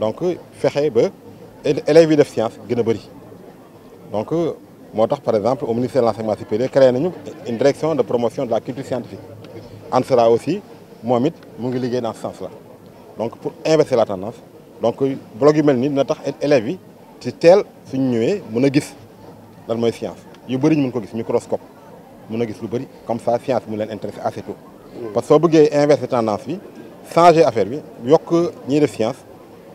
donc euh, fexe ba élèves de sciences science gën a bëri donc euh, moi, par exemple au ministère de l'enseignement supérieur créé une direction de promotion de la culture scientifique ANSERA aussi moom mu dans ce sens là donc pour inverser la tendance donc euh, blog yu mel nii dina tax élèves yi ci teel suñu il y a gis science yu bëri ñu ko gis microscope mën a gis lu bëri comme ça science mu l'intéresse assez tôt mm. parce que soo bëggee inverser tendance sans changer affaire bi que ni de science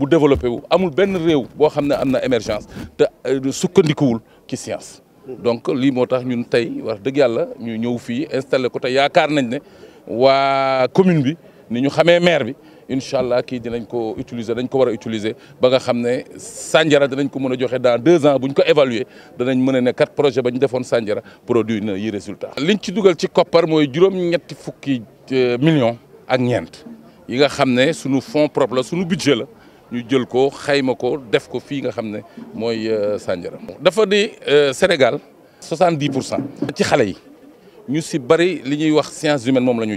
bu développé wu amul ben réew bo xamné amna émergence te euh, sukkandikuwul ci science. donc li motax ñun tay wax dëgg yalla ñu ñëw fi installer ko te yaakaar nañ né wa commune bi ni ñu xamé maire bi inshallah ki dinañ ko utiliser dañ ko wara utiliser ba nga xamné ne Sandiara dinañ ko mëna joxé dans 2 ans buñ ko évaluer danañ mën a ne quatre projets ba ñu defoon Sandiara produit na yi résultat liñ ci duggal ci koppar moy juroom ñetti fukki euh, millions ak ñent yi nga xamné suñu fonds propre la sunu budget la ñu jël ko xayma ko def ko fi nga xamné moy mooy euh, dafa di euh, Sénégal 70%. ci xalé yi ñu si bari li ñuy wax sciences humaines moom la ñu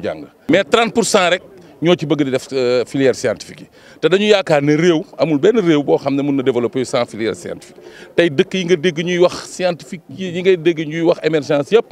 mais 30% rek ñoo ci bëgg di def euh, filière scientifique té dañu yaakaar né réew amul ben réew bo xamné mëna développer sans filière scientifique tey dëkk yi nga dégg ñuy wax scientifique yi nga dégg ñuy wax émergence yépp